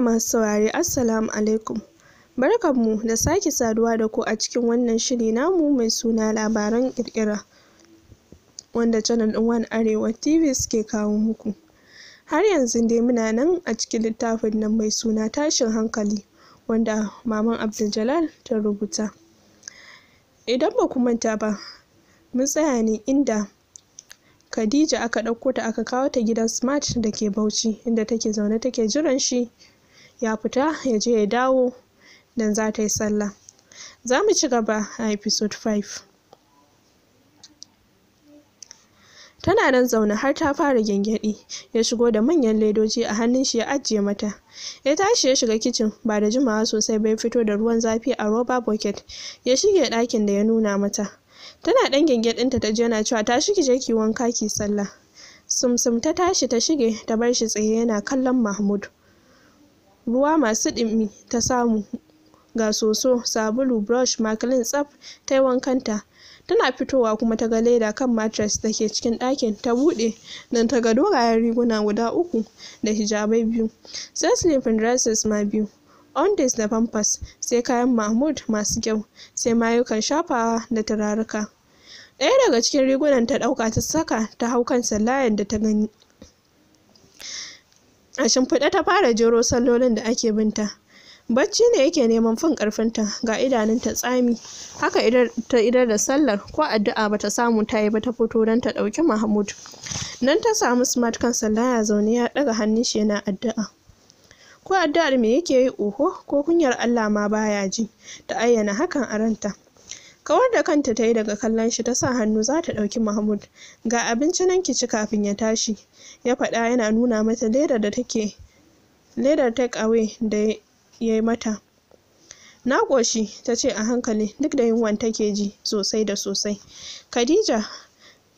masu saurari assalamu alaikum barkanmu da sake saduwa da ku a cikin wannan shiri namu mai suna labaran kirkira wanda channel ɗin One Arewa TV suke kawo muku har yanzu dai muna nan a cikin littafin nan mai suna tashin hankali wanda maman Abdul ta rubuta idan ba ku manta ba mun tsaya ne inda Khadija aka ɗauko ta aka kawo ta gidan Smart da ke Bauchi inda take zaune take jiran shi ya fita ya je ya dawo don za ta yi sallah za mu ci gaba a episode 5 tana nan zaune har ta fara gyangyaɗi ya shigo da manyan ledoji a hannun shi ya ajiye mata ya tashi ya shiga kicin ba da jimawa sosai bai fito da ruwan zafi a roba bucket ya shige ɗakin da ya nuna mata tana ɗan gyangyaɗinta ta jena cewa ta shige je ki wanka ki sallah sumsum ta tashi ta shige ta bar shi tsaye yana kallon mahmud ruwa masu ɗumi ta samu ga soso, sabulu, brush, maklin tsaf ta yi wankanta. Tana fitowa kuma ta ga leda kan matres da ke cikin ɗakin ta buɗe don ta ga dogayen riguna guda uku da hijabai biyu. Sai sleeping dresses ma biyu. Undies da pampers sai kayan Mahmud masu kyau sai mayukan shafawa da turaruka. Ɗaya daga cikin rigunan ta ɗauka ta saka ta hau kan sallayan da ta gani. a shimfiɗa ta fara jero sallolin da ake binta bacci ne yake neman fin ƙarfinta ga idanunta tsami haka ta idar da sallar ko addu'a ba ta samu ta yi ba ta fito don ta ɗauki mahmud nan ta samu smart kan sallaya zaune ya ɗaga hannun shi yana addu'a ko addu'ar me yake yi oho ko kunyar allah ma baya ji ta ayyana hakan a ranta kawar da kanta ta yi daga kallon shi ta sa hannu za ta ɗauki mahmud ga abinci nan ki ci kafin ya tashi ya faɗa yana nuna mata ledar da take ledar take away da ya mata na ƙoshi ta ce a hankali duk da yunwan take ji sosai da sosai khadija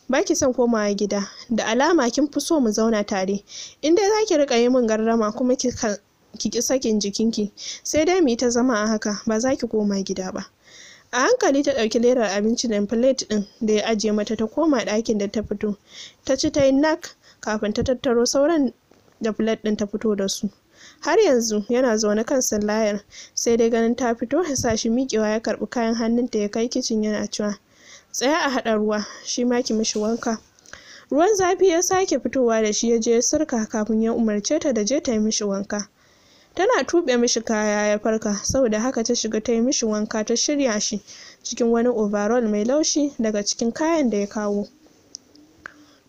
ba ki son komawa gida da alama kin fi so mu zauna tare in dai za ki riƙa yi min gardama kuma ki ki sakin jikinki sai dai mu yi ta zama a haka ba za ki koma gida ba a hankali ta ɗauki ledar abinci da plate ɗin da ya ajiye mata ta koma ɗakin da ta fito ta ci ta yi nak kafin ta tattaro sauran da plate ɗin ta fito da su har yanzu yana zaune kan sallayar sai dai ganin ta fito ya sa shi miƙewa ya karɓi kayan hannunta ya kai kicin yana cewa tsaya a haɗa ruwa shi ma ki mishi wanka ruwan zafi ya sake fitowa da shi ya je ya sirka kafin ya umarce ta da je ta yi mishi wanka tana tuɓe mishi kaya ya farka saboda haka ta shiga ta yi mishi wanka ta shirya shi cikin wani overall mai laushi daga cikin kayan da ya kawo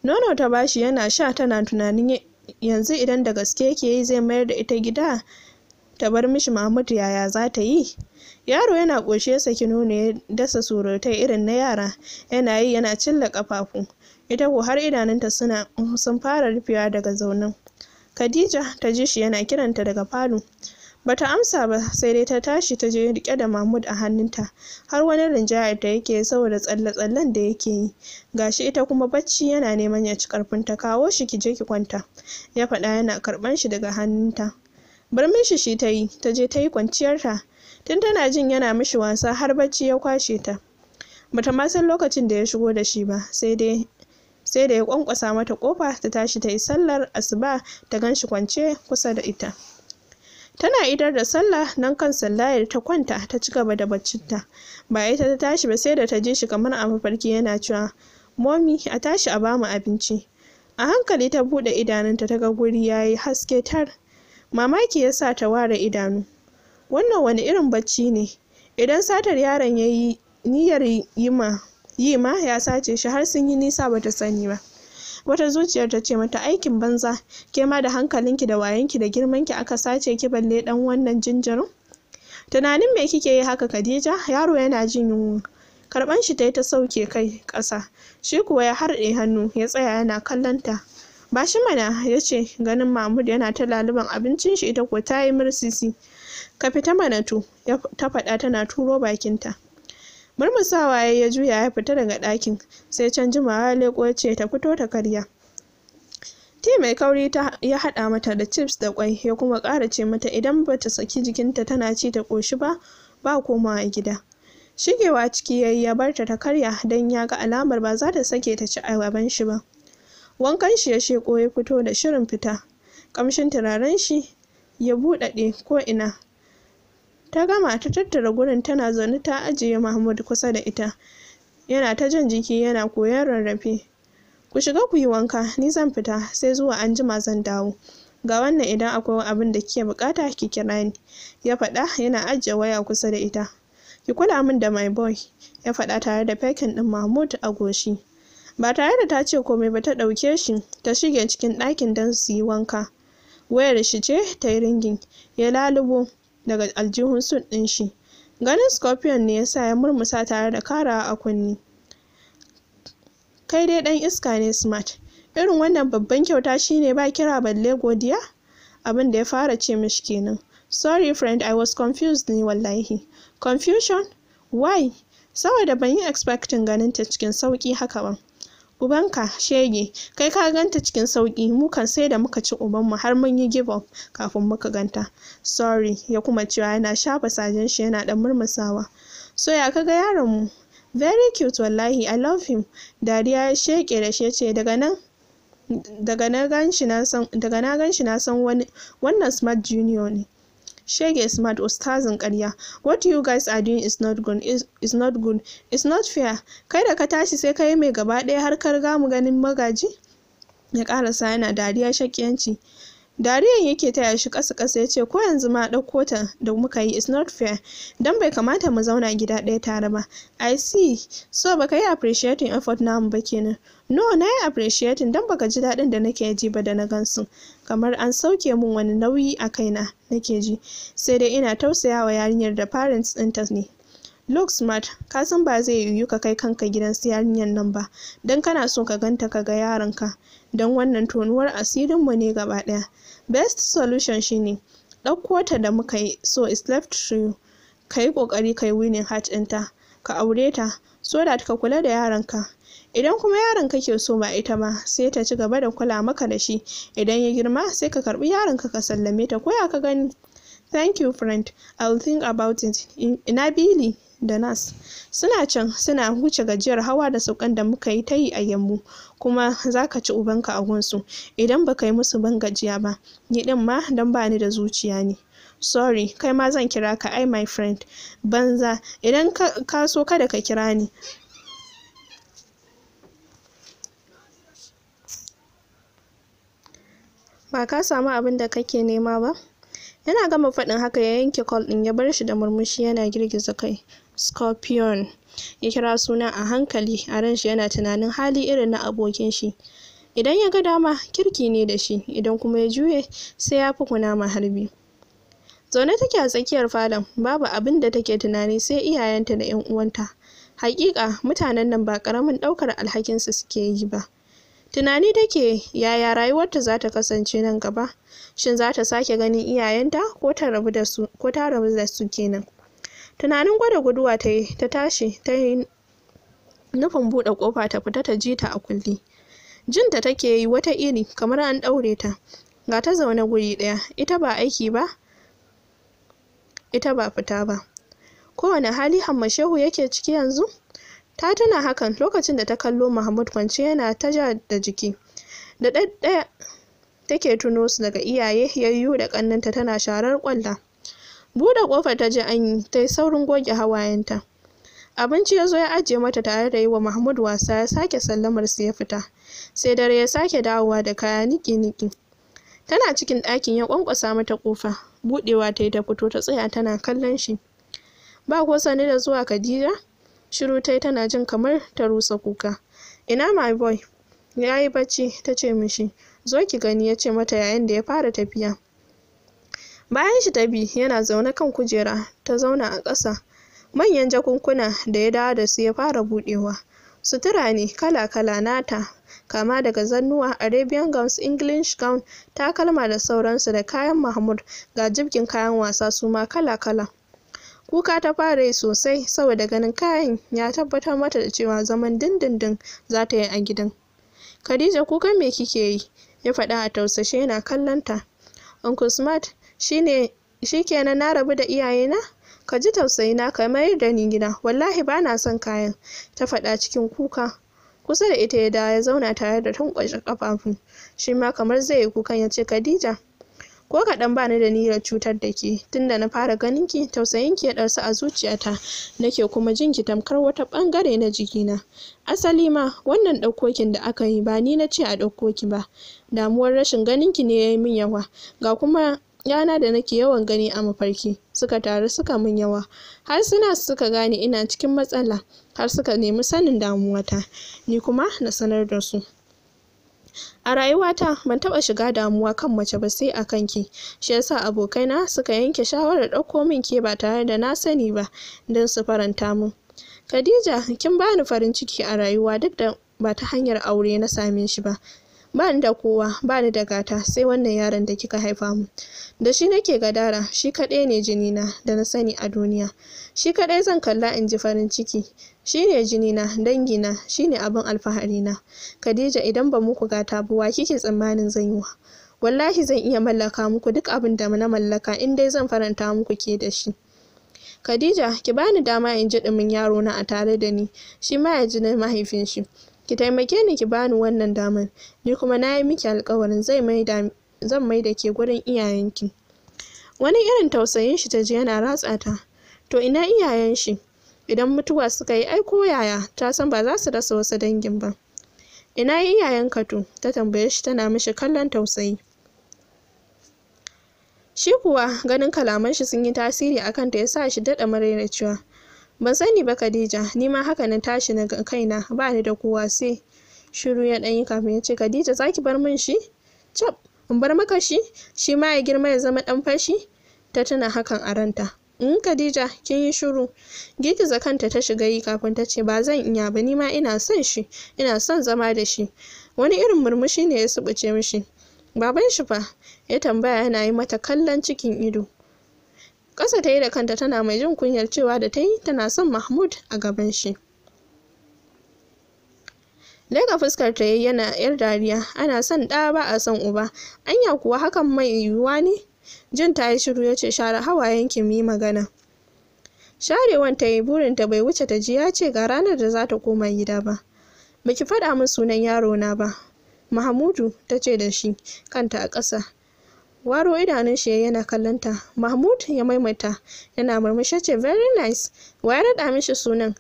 nono ta bashi yana sha tana tunanin yanzu idan da gaske yake yi zai mayar da ita gida ta bar mishi mahmud yaya za ta yi yaro yana ƙoshe saki nono ya dasa surutai irin na yara yana yi yana cilla ƙafafu ita ko har idanunta suna sun fara rufewa daga zaunin Khadija ta ji shi yana kiranta daga falo. Bata amsa ba sai dai ta tashi ta je rike da Mahmud a hannunta har wani rinjayar da yake saboda tsalle-tsallen da yake yi gashi ita kuma bacci yana neman ya ci ƙarfinta kawo shi ki je ki kwanta ya faɗa yana karɓar shi daga hannunta bar shi shi ta yi ta je ta yi kwanciyarta tun tana jin yana mishi wasa har bacci ya kwashe ta bata ma san lokacin da ya shigo da shi ba sai dai sai da ya kwankwasa mata kofa ta tashi ta yi sallar asuba ta ganshi kwance kusa da ita tana idar da sallah nan kan sallayar ta kwanta ta ci gaba da baccinta ba ita ta tashi ba sai da ta ji shi kamar a mafarki yana cewa momi a tashi a bamu abinci a hankali ta bude idanunta ta ga guri yayi haske tar mamaki ya sa ta ware idanu wannan wani irin bacci ne idan satar yaron ya yi niyyar yi ma yi ma ya sace shi har sun yi nisa ba ta sani ba wata zuciyar ta ce mata aikin banza ke ma da hankalinki da wayanki da girmanki aka sace ki balle dan wannan jinjirin tunanin me kike yi haka khadija yaro yana jin yunwa karban shi ta yi ta sauke kai ƙasa shi kuwa ya harɗe hannu ya tsaya yana kallon ta ba shi mana ya ce ganin mahmud yana ta laluban abincin shi ita ko ta yi mursisi ka fita mana to ta faɗa tana turo bakinta murmusawa ya ya juya ya fita daga ɗakin sai can jimawa ya leko ce ta fito ta karya ti mai kauri ya haɗa mata da chips da kwai ya kuma ƙara ce mata idan ba ta saki jikinta tana ci ta ƙoshi ba ba komawa gida shigewa ciki ya yi ya barta ta karya don ya ga alamar ba za ta sake ta ci a gaban shi ba wankan shi ya sheko ya fito da shirin fita kamshin turaren shi ya buɗaɗe ko ina ta gama ta tattara gurin tana zaune ta ajiye mahmud kusa da ita yana ta jan jiki yana koyon rarrafe ku shiga ku yi wanka ni zan fita sai zuwa an jima zan dawo ga wannan idan akwai abin da kike bukata ki kira ni ya faɗa yana ajiye waya kusa da ita ki kula min da my boy ya faɗa tare da fakin din mahmud a goshi ba tare da ta ce komai ba ta dauke shi ta shige cikin ɗakin don su yi wanka wayar shi ce ta yi ringin ya lalubo daga aljihun sun ɗin shi ganin scorpion ne ya sa ya murmusa tare da kara a kunni kai dai ɗan iska ne smart irin wannan babban kyauta shine ba kira balle godiya abin da ya fara ce mishi kenan sorry friend i was confused ne wallahi confusion why saboda ban yi expecting ganin ta cikin sauki haka ba ubanka shege kai ka ganta cikin sauki mu kan sai da muka ci ubanmu har mun yi give up kafin muka ganta sorry ya kuma cewa yana shafa sajen shi yana dan murmusawa so ya kaga yaron mu very cute wallahi i love him dariya ya sheke da shi yace daga nan daga na na ganshi na san wani wannan smart junior ne Shege smart mad, ustazin ƙarya. What you guys are doing is not good, is, not good, is not fair. Kai da ka tashi sai ka mai gaba ɗaya har ka mu ganin magaji? Ya karasa yana dariya shakiyanci. Dariyan yake taya shi kasa-kasa ya ce ko yanzu ma ɗauko ta da muka yi is not fair don bai kamata mu zauna gida ɗaya tare ba. I see so baka yi appreciating effort namu ba kenan. No na yi appreciating don baka ji daɗin da nake ji ba da na gansu. Kamar an sauke mun wani nauyi a kaina nake ji sai dai ina tausayawa yarinyar da parents ɗinta ne. Look smart, ka san ba zai yiwu ka kai kanka gidan su yarinyar nan ba, don kana so ka ganta ka ga yaronka, don wannan tonuwar asirinmu ne gaba ɗaya. best solution shine ɗauko ta da muka yi so it's left to you ka yi ƙoƙari ka yi winning heart ɗinta ka aure ta so da ka kula da yaronka idan kuma yaron kake so ma ita ma sai ta ci gaba da kula maka da shi idan ya girma sai ka karbi yaronka ka sallame ta koya ka gani thank you friend i'll think about it ina bili. da nas suna can suna huce gajiyar hawa da saukan da muka yi ta yi a yammu kuma za ka ci ubanka a gunsu idan ba ka yi musu ban gajiya ba yi din ma don ba ni da zuciya ne sorry kai ma zan kira ka ai my friend banza idan ka so kada ka kira ni ba ka samu abin da kake nema ba yana gama faɗin haka ya yanke kwal ɗin ya bar shi da murmushi yana girgiza kai Scorpion ya kira suna a hankali, a ran shi yana tunanin hali irin na abokin shi. Idan ya ga dama, kirki ne da shi, idan kuma ya juye, sai ya fi ma harbi. Zaune take a tsakiyar falon, babu abin da take tunani sai iyayenta da 'yan uwanta. hakika mutanen nan ba ƙaramin ɗaukar alhakinsu suke yi ba. Tunani take yaya rayuwarta za ta kasance nan gaba? Shin za ta sake ganin iyayenta ko ta rabu da su kenan? tunanin gwada guduwa ta ta tashi ta nufin buɗe ƙofa ta fita ta ji ta a kulli jinta take yi wata iri kamar an ɗaure ta ga ta zaune guri ɗaya ita ba aiki ba ita ba fita ba kowane hali hammashehu yake ciki yanzu ta tuna hakan lokacin da ta kallo mahmud kwance yana ta ja da jiki da ɗaya take tuno su daga iyaye yayyu da ƙannanta tana sharar ƙwalla buɗe ƙofar ta ji anyi. yi ta yi saurin goge hawayenta abinci ya zo ya ajiye mata tare da yi wa mahmud wasa ya sake sallamar su ya fita sai dare ya sake dawowa da kaya niki-niki tana cikin ɗakin ya ƙwanƙwasa mata ƙofa buɗewa ta yi ta fito ta tsaya tana kallon shi ba ko sani da zuwa khadija shiru ta yi tana jin kamar ta rusa kuka ina my boy ya yi bacci ta ce mishi zo ki gani ya ce mata yayin da ya fara tafiya bayan shi ta bi yana zaune kan kujera ta zauna a ƙasa manyan jakunkuna da ya dawo da su ya fara buɗewa sutura ne kala-kala nata kama daga zannuwa arabian gowns english gown takalma da sauransu da kayan mahmud ga jibgin kayan wasa su ma kala-kala kuka ta fara yi sosai saboda ganin kayan ya tabbatar mata da cewa zaman dindindin za ta yi a gidan khadija kuka me kike yi ya faɗa a tausashe yana kallon ta uncle smart shi kenan na rabu da iyayena ka ji na ka mayar da ni gida wallahi ba na son kayan ta faɗa cikin kuka kusa da ita ya dawo ya zauna tare da tankwashe ƙafafu shi ma kamar zai yi kukan ya ce khadija ko kaɗan bani da niyyar cutar da ke tunda na fara ganin ki tausayin ki ya ɗarsu a zuciyata nake kuma jin ki tamkar wata ɓangare na jiki na. asali ma wannan ɗaukokin da aka yi ba ni na ce a ɗauko ba damuwar rashin ganin ki ne ya yi min yawa ga kuma yana da nake yawan gani a mafarki suka taru suka mun yawa har suna suka gane ina cikin matsala har suka nemi sanin damuwata ni kuma na sanar da su a rayuwata ban taɓa shiga damuwa kan mace ba sai a kanki shi yasa abokaina suka yanke shawarar ɗauko min ke ba tare da na sani ba don su faranta mun khadija kin bani farin ciki a rayuwa duk da ba ta hanyar aure na same shi ba ba ni da kowa ba ni da gata sai wannan yaron da kika haifa mu da shi nake gadara shi kaɗai ne jinina da na sani a duniya shi kaɗai zan kalla in ji farin ciki shi ne jinina dangina shi ne abin alfaharina khadija idan ba muku gata ba wa kike tsammanin zan yi wa wallahi zan iya mallaka muku duk abin da na mallaka in dai zan faranta muku ke da shi Khadija ki bani dama in ji ɗumin yaro na a tare da ni shi ma ya ji na mahaifin shi ki taimake ni ki bani wannan daman ni kuma na yi miki alkawarin zan mai da ke gurin iyayenki wani irin tausayin shi ta ji yana ratsa ta to ina iyayen shi idan mutuwa suka yi aiko yaya ta san ba za su rasa wasu dangin ba ina iyayen kato ta tambaye shi tana mishi kallon tausayi shi kuwa ganin kalaman shi sun yi tasiri akan ta ya sa shi daɗa cewa ban sani ba khadija ni ma haka na tashi na kaina ba ni da kowa sai shiru ya ɗanyi kafin ya ce khadija za ki bar min shi cap in bar maka shi shi ma ya girma ya zama ɗan fashi ta tuna hakan a ranta in mm, khadija kin yi shiru girgiza kanta ta shiga yi kafin ta ce ba zan iya ba ni ma ina son shi ina son zama da shi wani irin murmushi ne ya subuce mishi baban shi fa ya tambaya yana yi mata kallon cikin ido ƙasa ta yi da kanta tana mai jin kunyar cewa da ta yi tana son mahmud a gaban shi daga fuskar ta yana yar dariya ana son ɗa ba a son uba anya kuwa hakan mai yiwuwa ne jin ta yi shiru ya ce share hawayen yanki mu yi magana sharewan ta yi ta bai wuce ta ji ya ce ga ranar da za ta koma gida ba baki faɗa min sunan yaro na ba mahmudu ta ce da shi kanta a ƙasa waro idanun shi yana kallon ta mahmud ya maimaita yana murmushi ce very nice wa ya raɗa mishi sunan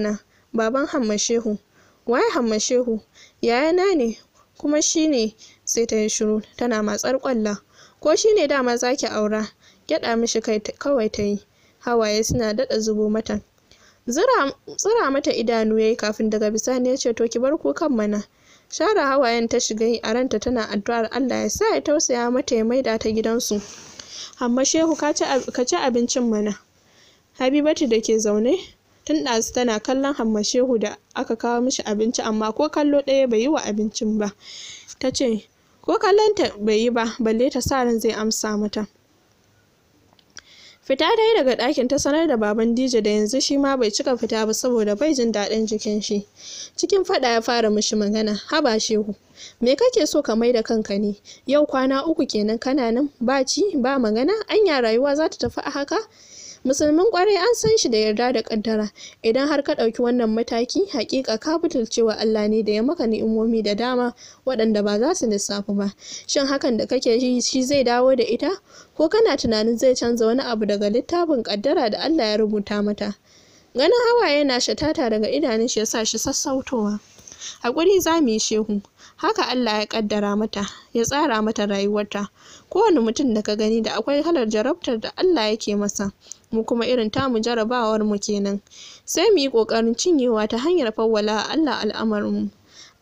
na baban hammashehu waye hammashehu yayana ne kuma shine sai ta yi shiru tana matsar kwalla ko shine dama zaki aura gyaɗa mishi kai kawai ta yi hawaye suna daɗa zubo mata zura mata idanu yayi kafin daga bisani ya ce to ki bar kukan mana share hawayen ta shiga yi a ranta tana addu'ar Allah ya sa ya tausaya mata ya maida ta gidansu amma shehu ka ci abincin mana habibatu da ke zaune tun ɗazu tana kallon hamma shehu da aka kawo mishi abinci amma ko kallo ɗaya bai yi wa abincin ba ta ce ko kallonta bai yi ba balle ta sa ran zai amsa mata Fita dai daga ɗakin ta sanar da baban dije da yanzu shi ma bai cika fita ba saboda bai jin daɗin jikin shi. Cikin faɗa ya fara mishi magana, haba shehu, me kake so ka mai da kanka ne? Yau kwana uku kenan kana nan ba ci ba magana, anya rayuwa za ta tafi a haka? musulmin kwarai an san shi da yarda da kaddara idan har ka ɗauki wannan mataki hakika ka butulcewa Allah ne da ya maka ni'imomi da dama waɗanda ba za su lissafu ba shin hakan da kake yi shi zai dawo da ita ko kana tunanin zai canza wani abu daga littafin kaddara da Allah ya rubuta mata ganin hawaye na shatata daga idanun shi yasa shi sassautowa hakuri za mu yi shehu haka Allah ya kaddara mata ya tsara mata rayuwarta kowane mutum da ka gani da akwai halar jarabtar da Allah yake masa mu kuma irin ta mu jarabawar mu kenan sai mu yi kokarin cinyewa ta hanyar fawwala Allah mu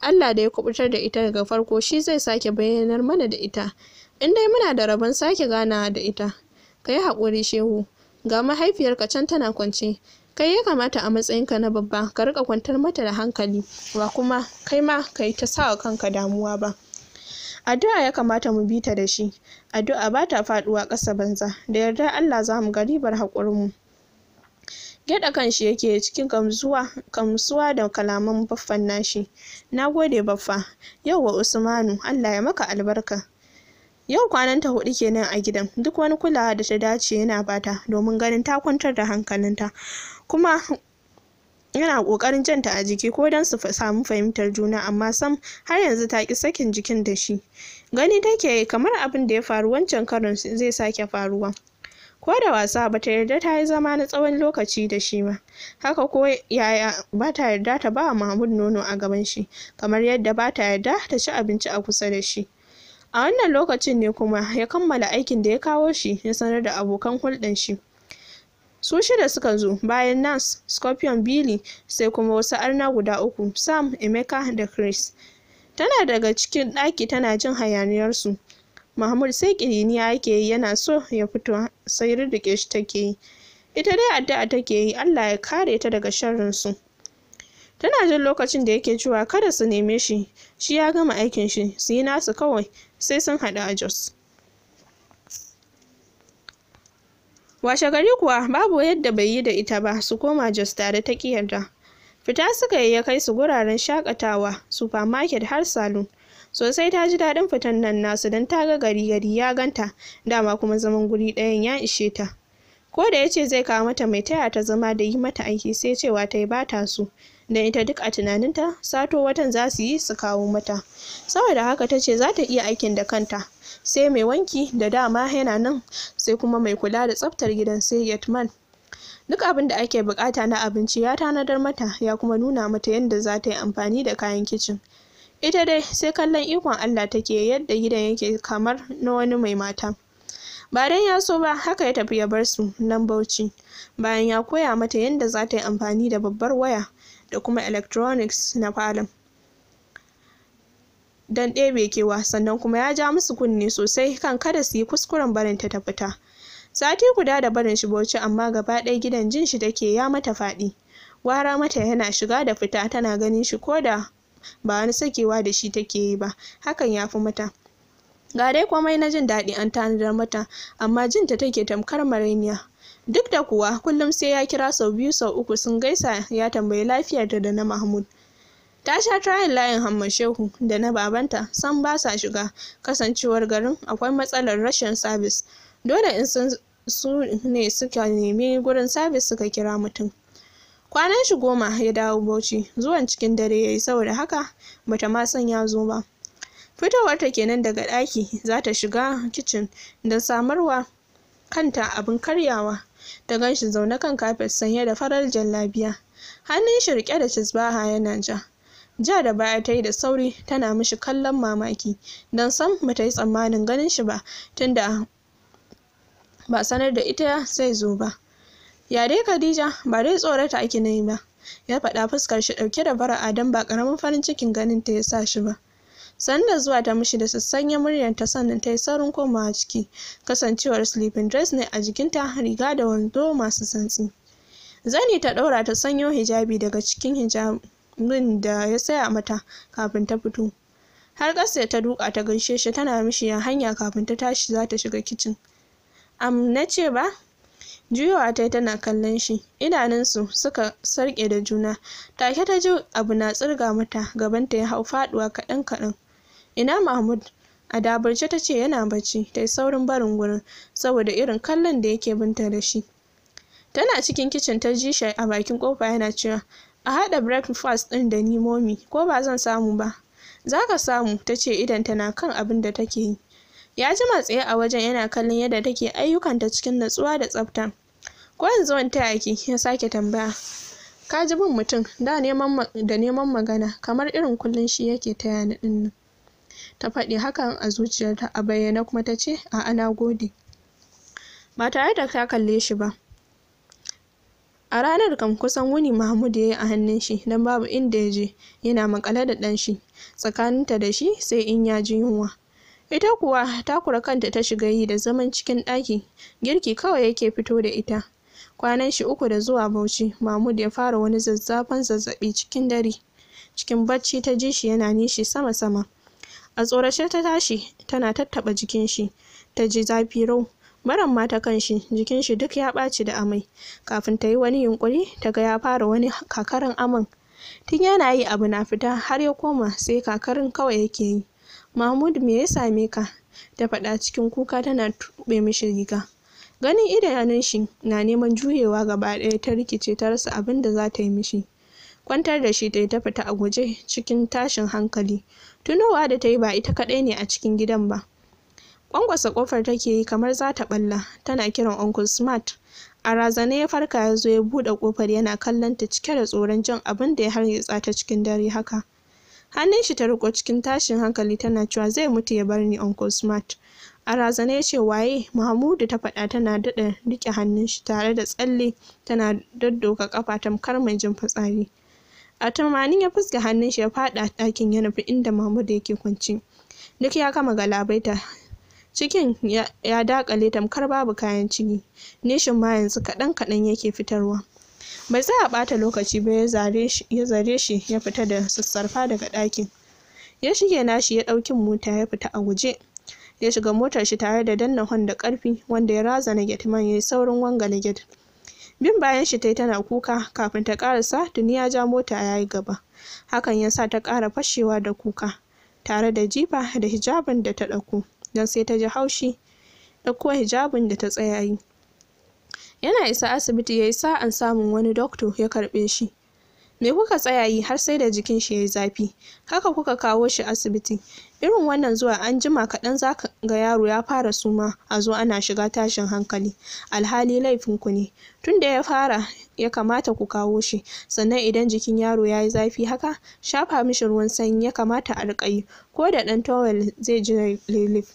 Allah da ya kubutar da ita daga farko shi zai sake bayyanar mana da ita in dai muna da rabon sake gana da ita ka yi haƙuri shehu ga mahaifiyarka can tana kwance kai ya kamata a matsayinka na babba ka rika kwantar mata da hankali ba kuma kai ma ka yi ta sawa kanka damuwa ba addu'a ya kamata mu bi ta da shi addu'a ba ta faɗuwa ƙasa banza da yarda, Allah za mu ga ribar mu. gyaɗa kan shi yake cikin gamsuwa da kalaman baffan nashi na gode baffa Yau wa usmanu Allah ya maka albarka Yau kwanan ta hudu kenan a gidan, duk wani kulawa da ta dace yana bata domin ganin ta kwantar da hankalinta. Kuma yana ƙoƙarin janta a jiki ko don su samu fahimtar juna amma sam har yanzu ta ki sakin jikin da shi gani take kamar abin da ya faru wancan karin zai sake faruwa ko da wasa ba ta yarda ta yi zama na tsawon lokaci da shi ba haka ko yaya ba ta yarda ta ba mahmud nono a gaban shi kamar yadda ba ta yarda ta ci abinci a kusa da shi a wannan lokacin ne kuma ya kammala aikin da ya kawo shi ya sanar da abokan hulɗan shi su shida suka zo bayan nas Scorpion Billy sai kuma wasu arna guda uku Sam, Emeka da Chris. Tana daga cikin ɗaki tana jin hayaniyarsu. Mahmud sai ƙiriniya yake yi yana so ya fito sai rirriƙe shi take yi. Ita dai addu'a take yi Allah ya kare ta daga sharrinsu. Tana jin lokacin da yake cewa kada su neme shi, shi ya gama aikin shi, su yi nasu kawai sai sun haɗu a Jos. washe gari kuwa babu yadda bai yi da ita ba su koma jos tare ta yarda fita suka yi ya kai su guraren shakatawa supermarket har salon sosai ta ji daɗin fitan nan nasu don ta ga gari gari ya ganta dama kuma zaman guri ɗayan ya ishe ta ko da ya ce zai kawo mata mai taya ta zama da yi mata aiki sai cewa ta yi bata su dan ita duk a tunaninta sato watan za su yi su kawo mata saboda haka ta ce za ta iya aikin da kanta sai mai wanki da dama yana nan sai kuma mai kula da tsaftar gidan sai yatman duk abin da ake bukata na abinci ya tanadar mata ya kuma nuna mata yadda za ta yi amfani da kayan kicin ita dai sai kallon ikon allah take yadda gidan yake kamar na wani mai mata ba don ya so ba haka ya tafi ya bar su nan bauchi bayan ya koya mata yadda za ta yi amfani da babbar waya da kuma electronics na falon don ɗebe kewa sannan kuma ya ja musu kunne sosai kan kada su yi kuskuren barinta ta fita sati guda da barin shi bauchi amma gaba ɗaya gidan jin shi take ya mata faɗi wara mata yana shiga da fita tana ganin shi ko da ba wani sakewa da shi take yi ba hakan ya fi mata ga dai komai na jin daɗi an tanadar mata amma jinta take tamkar marainiya Duk da kuwa kullum sai ya kira sau biyu sau uku sun gaisa ya tambayi lafiyarta da na Mahmud. Ta sha trayin layin Hamma Shehu da na babanta san ba sa shiga kasancewar garin akwai matsalar rashin sabis. Dole in sun su ne suka nemi gurin sabis suka kira mutum. Kwanan shi goma ya dawo Bauchi zuwan cikin dare ya yi saboda haka bata ma san ya zo ba. Fitowarta kenan daga ɗaki za ta shiga kicin don samarwa kanta abin karyawa da ganshi zaune kan kafet sanye da farar jallabiya hannun shi rike da cisbaha yana ja ja da baya ta yi da sauri tana mishi kallon mamaki don san ba ta yi tsammanin ganin shi ba tun da ba sanar da ita sai zo ba ya dai khadija ba dai tsorata ake na yi ba ya faɗa fuskar shi ɗauke da fara'a don ba ƙaramin farin cikin ganin ta ya sa shi ba sannan zuwa ta mushi da sassanyar muryarta sannan ta yi saurin komawa ciki kasancewar sleeping dress ne a jikinta riga da wando masu santsi zani ta ɗaura ta sanyo hijabi daga cikin hijabin da ya saya mata kafin ta fito har ƙasa ta duka ta gaishe shi tana mishi ya hanya kafin ta tashi za ta shiga kicin am na ce ba juyowa ta tana kallon shi idanunsu suka sarƙe da juna take ta ji abu na tsirga mata gabanta ya hau faɗuwa kaɗan kaɗan Ina Mahmud? A dabarce ta ce yana bacci, ta yi saurin barin gurin, saboda irin kallon da yake binta da shi. Tana cikin kicin ta ji shi a bakin kofa yana cewa, A haɗa breakfast ɗin da ni momi, ko ba zan samu ba. Za ka samu, ta ce idan tana kan abin da take yi. Ya jima tsaye a wajen yana kallon yadda take ayyukanta cikin natsuwa da tsafta. Ko yanzu wani tayaki ya sake tambaya. Ka ji bin mutum, da neman magana, kamar irin kullum shi yake taya ni ɗin nan. ta faɗi hakan a zuciyarta a bayyane kuma ta ce a'a na gode ba tare da ta kalle shi ba a ranar kam kusan wuni mahmud ya yi a hannun shi don babu inda ya je yana makale da ɗan shi tsakaninta da shi sai in ya ji yunwa ita kuwa takura kanta ta shiga yi da zaman cikin ɗaki girki kawai yake fito da ita kwanan shi uku da zuwa bauchi mahmud ya fara wani zazzafan zazzabi cikin dare cikin bacci ta ji shi yana nishi sama-sama a tsorace ta tashi tana tattaɓa jikin shi ta ji zafi rau maran ma ta kanshi jikin shi duk ya ɓaci da amai kafin ta yi wani yunƙuri ta ga ya fara wani kakarin aman tun yana yi abu na fita har ya koma sai kakarin kawai yake yi mahmud me ya same ka ta faɗa cikin kuka tana tuɓe mishi riga ganin idanun shi na neman juyewa gaba ɗaya ta rikice ta rasa abin da za ta yi mishi kwantar da shi ta yi ta fita a guje cikin tashin hankali tunowa da ta yi ba ita kaɗai ne a cikin gidan ba kwankwasa kofar take yi kamar za ta balla tana kiran uncle smart a razane ya farka ya zo ya buɗe kofar yana kallon ta cike da tsoron jin abun da ya hargitsa ta cikin dare haka hannun shi ta riko cikin tashin hankali tana cewa zai mutu ya bar ni uncle smart a razane ya ce waye mahmudu ta faɗa tana daɗa riƙe hannun shi tare da tsalle tana daddoka kafa tamkar mai jin fitsari A tamanin ya fuska hannun shi ya faɗa ɗakin ya nufi inda Mahmud yake kwance. Duk ya kama galabaita. Cikin ya dakale tamkar babu kayan ciki. Nishin ma yanzu kaɗan kaɗan yake fitarwa. Bai a ɓata lokaci ba ya zare shi ya fita da sassarfa daga ɗakin. Ya shige nashi ya ɗaukin mota ya fita a guje. Ya shiga motar shi tare da danna hon da ƙarfi wanda ya razana man ya yi saurin na gate bin bayan shi ta yi tana kuka kafin ta karasa tuni ya ja mota ya yi gaba hakan ya sa ta kara fashewa da kuka tare da jifa da hijabin da ta ɗauko don sai ta ji haushi ɗauko hijabin da ta tsaya yi yana isa asibiti ya yi sa'an samun wani dokto ya karɓe shi me kuka tsaya yi har sai da jikin shi yayi zafi haka kuka kawo shi asibiti irin wannan zuwa an jima kaɗan za ga yaro ya fara suma a zo ana shiga tashin hankali alhali laifin ku ne tun da ya fara ya kamata ku kawo shi sannan idan jikin yaro ya yi zafi haka shafa mishi ruwan sanyi ya kamata a riƙa yi ko da ɗan towel zai ji relief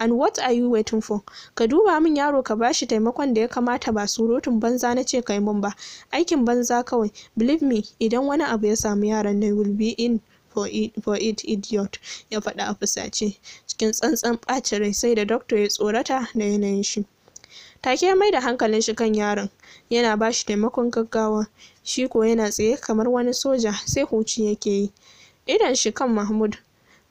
and what are you waiting for ka duba min yaro ka bashi taimakon da ya kamata ba surutun banza na ce kai mun ba aikin banza kawai believe me idan wani abu ya samu yaran nan will be in for it, for it idiot ya faɗa a fusace cikin tsantsan ɓacin rai sai da doctor ya tsorata da yanayin shi take ya mai da hankalin shi kan yaron yana ba shi taimakon gaggawa shi ko yana tsaye kamar wani soja sai huci yake yi idan shi kan mahmud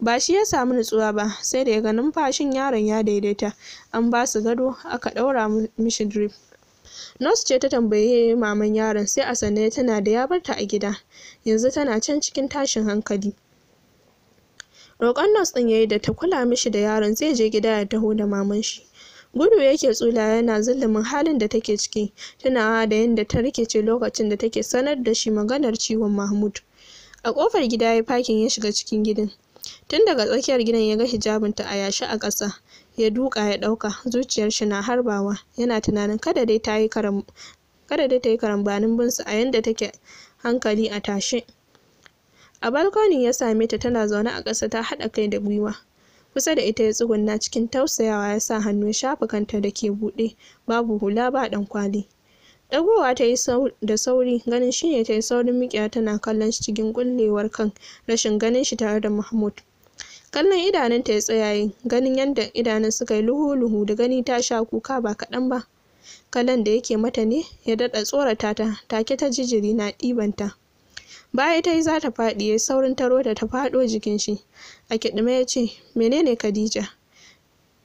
ba shi ya samu nutsuwa ba sai da ya ga numfashin yaron ya daidaita an ba su gado aka ɗaura mishi drip nurse ce ta tambaye maman yaron sai a sanne tana da ya barta a gida yanzu tana can cikin tashin hankali roƙon nurse ɗin yayi da ta kula mishi da yaron zai je gida ya taho da maman shi gudu yake tsula yana zulumin halin da take ciki tunawa da yadda ta rikice lokacin da take sanar da shi maganar ciwon mahmud a ƙofar gida ya fakin ya shiga cikin gidan Tun daga tsakiyar gidan ya ga hijabinta a yashe a ƙasa. Ya duƙa ya ɗauka, zuciyar shi na harbawa, yana tunanin kada dai ta yi karambanin bin binsu a yanda take hankali a tashe. A balkoni ya same ta tana zaune a ƙasa ta haɗa kai da gwiwa. Kusa da ita ya tsugunna cikin tausayawa ya sa hannu ya shafa kanta da ke buɗe, babu hula ba ɗan kwali. ɗagowa ta yi da sauri ganin shi ne ta yi saurin mikiya tana kallon shi cikin ƙullewar kan rashin ganin shi tare da Mahmud. Kallon idanunta ya tsaya ganin yadda idanun suka yi luhu-luhu da gani ta sha kuka ba kaɗan ba. Kallon da yake mata ne ya daɗa tsorata ta take ta ji jiri na ɗibanta. Baya ta yi za ta faɗi ya saurin taro da ta faɗo jikin shi. A kiɗime ya ce menene Khadija?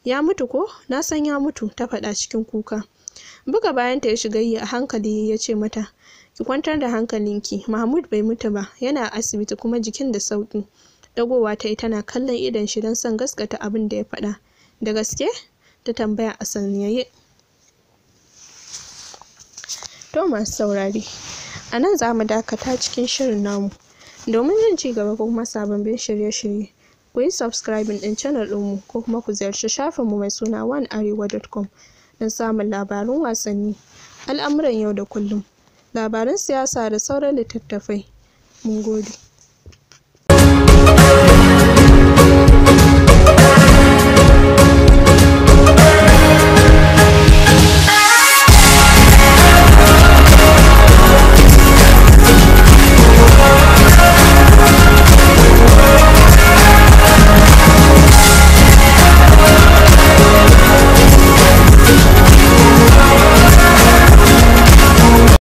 Ya mutu ko? Na san ya mutu ta faɗa cikin kuka. buga bayanta ya shiga yi a hankali ya ce mata ki kwantar da hankalinki mahmud bai mutu ba yana asibiti kuma jikin da sauki dagowa ta yi tana kallon idon shi don son gaskata abin da ya faɗa da gaske ta tambaya a sanyaye to masu saurari a nan za mu dakata cikin shirin namu domin jin ci gaba ko kuma sababbin shirye-shirye ku yi subscribing din channel ɗinmu ko kuma ku ziyarci shafinmu mai suna onearewa.com don samun labarun wasanni, al'amuran yau da kullum, labaran siyasa da sauran littattafai. Mun gode.